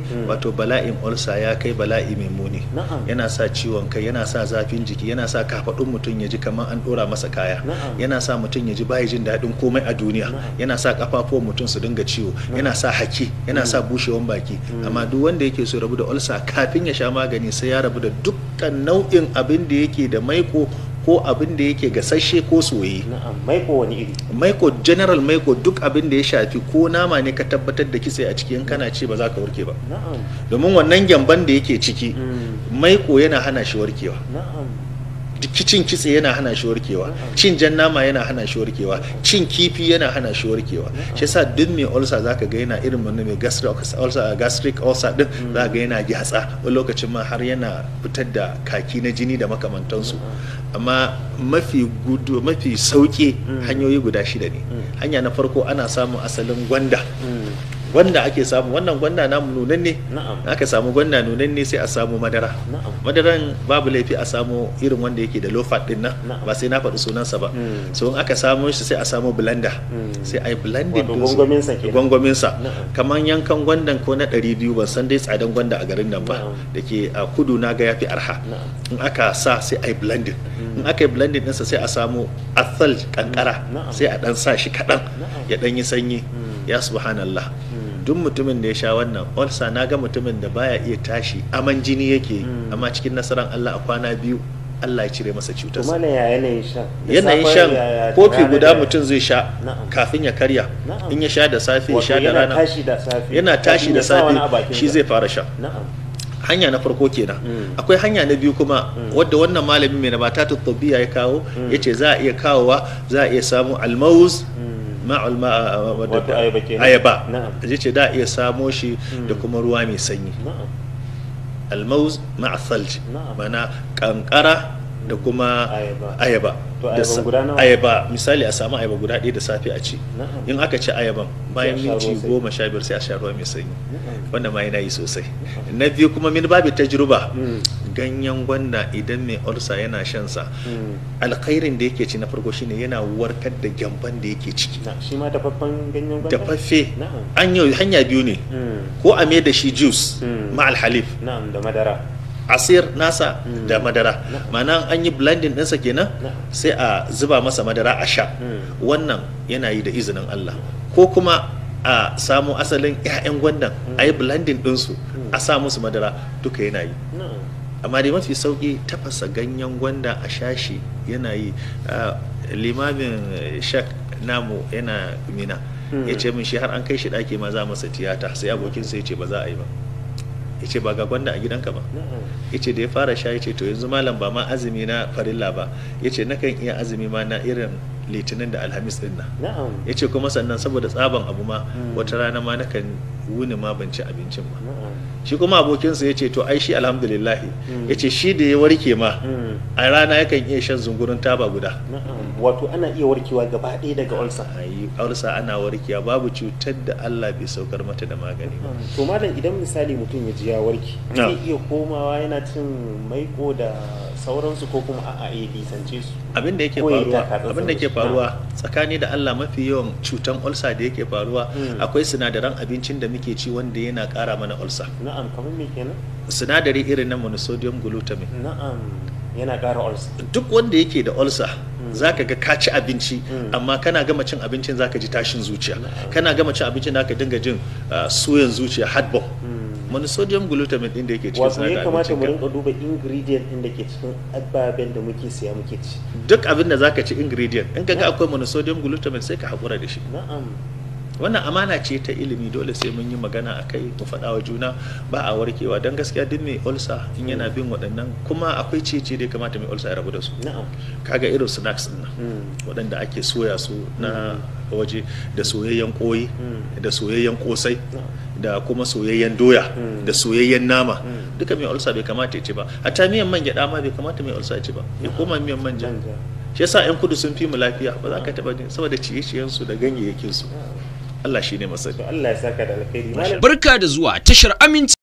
Hmm. wato bala'in olsa ya kai bala'i mai muni yana sa ciwon kai yana sa zafin jiki yana sa kafaɗun mutum ya ji kamar an ɗora masa kaya yana sa mutum ya ji bai jin daɗin komai a duniya yana sa kafafuwan mutum su dinga ciwo yana sa haki yana sa hmm. bushewan baki hmm. amma duk wanda yake so rabu da olsa kafin ya sha magani sai ya rabu da dukkan nau'in abin da yake da maiko ko abin da yake gasashe ko soye maiko wani iri general maiko duk abin da ya shafi ko nama ne ka tabbatar da kitse a cikin kana ce ba za ka warke ba domin wannan gyamban da yake ciki mm. maiko yana hana shi warkewa cin kitse yana hana shi warkewa cin jan nama yana hana shi warkewa cin kifi yana hana shi warkewa shi yasa duk mai ulcer zaka ga yana irin wani mai gastric ulcer gastric ulcer din zaka ga yana gyatsa lokacin ma har yana fitar da kaki na jini da makamantansu amma mafi gudu mafi sauki hanyoyi guda shida ne hanya na farko ana samun asalin gwanda Gwanda ake samu wannan gwanda namu nunanne aka samu gwanda nunanne sai a samu madara madaran babu laifi a samu irin wanda yake da low fat din nan ba sai na faɗi sunansa ba hmm. so in aka samu shi sai a samu blanda hmm. sai a yi blending gwangwamin gwangwaminsa kamar yankan gwandan ko na 200 ban san dai tsadan gwanda a garin nan ba da ke a kudu na ga yafi arha in aka sa sai a yi blending hmm. in aka yi blending ɗinsa sai a samu athal kankara sai a ɗan sa shi kaɗan ya ɗan yi sanyi ya subhanallah duk mutumin da ya sha wannan olsa na ga mutumin da baya iya tashi aman jini yake hmm. amma cikin nasarar Allah a kwana biyu Allah ya cire masa cutar kuma yanayin shan kofi guda mutum zai sha kafin ya karya in ya sha da safe ya sha da rana yana tashi da safe shi zai fara sha hanya na farko kenan hmm. akwai hanya na biyu kuma hmm. wadda wannan malamin mai nabata tabbiya ya kawo ya ce za a iya kawowa za a iya samu almawuz ma'ul wato ayaba ke ayaba zai ce da iya samo shi hmm. da kuma ruwa mai sanyi almauz ma'a thalj mana kankara da kuma ayaba ayaba misali a samu ayaba guda ɗaya da safe a ci in aka ci ayaban bayan minti goma sha biyar sai a sha ruwa mai sanyi wanda ma yana yi sosai na biyu kuma min babu tajruba hmm. ganyen gwanda idan mai olsa yana shan sa hmm. alkhairin da yake ci na farko shine yana warkar da gyamban da yake ciki shi ma dafaffen ganyen gwanda dafaffe an yau hanya biyu ne hmm. ko a mai da shi juice ma alhalif da madara asir nasa hmm. da madara hmm. ma'ana an yi blending ɗinsa kenan hmm. sai a zuba masa madara a sha wannan yana yi da izinin Allah ko kuma a samu asalin 'ya'yan gwandan a yi blending ɗinsu a sa musu madara duka yana yi amma dai mafi sauƙi tafasa ganyen gwanda a shashi yana yi limamin eh, shak namu yana mina ya ce min shi har an kai shi ɗaki ma za masa tiyata sai abokinsa ya ce ba za a yi ba Ya ce ba ga gwanda a gidanka ba Ya ce da ya fara sha ya ce to yanzu malam ba ma azumi na farilla ba Ya ce na kan iya azumi ma na irin litinin da alhamis din Ya ce kuma sannan saboda tsaban abu ma mm. wata rana ma kan wuni ma ban ci abincin ba shi kuma abokinsa ya ce to ai shi alhamdulillahi mm. ya ce shi da ya warke ma mm. a rana yakan iya shan zungurin taba guda wato ana iya warkewa gaba ɗaya daga ulsa a yi ulsa ana warkewa babu cutar da Allah bai saukar mata da magani ba to malam idan misali mutum ya ji ya warke zai iya komawa yana cin maiko da sauransu ko kuma a'a ya nisance su abin da yake faruwa abin da yake faruwa tsakani da Allah mafi yawan cutan ulsa da yake faruwa hmm. akwai sinadaran abincin da muke ci wanda yana ƙara mana ulsa na'am kamar me kenan sinadari irin na monosodium glutamate na'am yana ƙara olsa duk wanda yake da ulcer hmm. ka ga ka ci abinci hmm. amma kana gama cin abincin zaka ji tashin zuciya hmm. kana gama cin abincin zaka dinga jin uh, soyan zuciya heartburn wani sodium glutamate din da yake cikin sinadarin ya kamata mu rinka duba ingredient din da ke cikin ababen da muke siya muke ci duk abin da zaka ci ingredient in ka ga akwai monosodium glutamate sai ka hakura da shi na'am wannan amana ce ta ilimi dole sai mun yi magana a kai mu faɗa wa juna ba a warkewa don gaskiya duk mai ulsa in yana bin waɗannan kuma akwai cece da ya kamata mai ulsa ya rabu da su kaga irin snacks ɗin nan mm. waɗanda ake soya su na mm. waje da soyayyen koyi mm. da soyayyen kosai da kuma soyayyen doya da soyayyen nama duka mai ulsa bai kamata ya ci ba hatta miyan man gyaɗa ma bai kamata mai ulsa ya ci ba ya koma miyan manja shi yasa 'yan kudu sun fi mu lafiya ba za ka taɓa saboda ciye-ciyensu da ganyayyakinsu Allah shi ne masani Allah ya saka da alkhairi barka da zuwa tashar aminci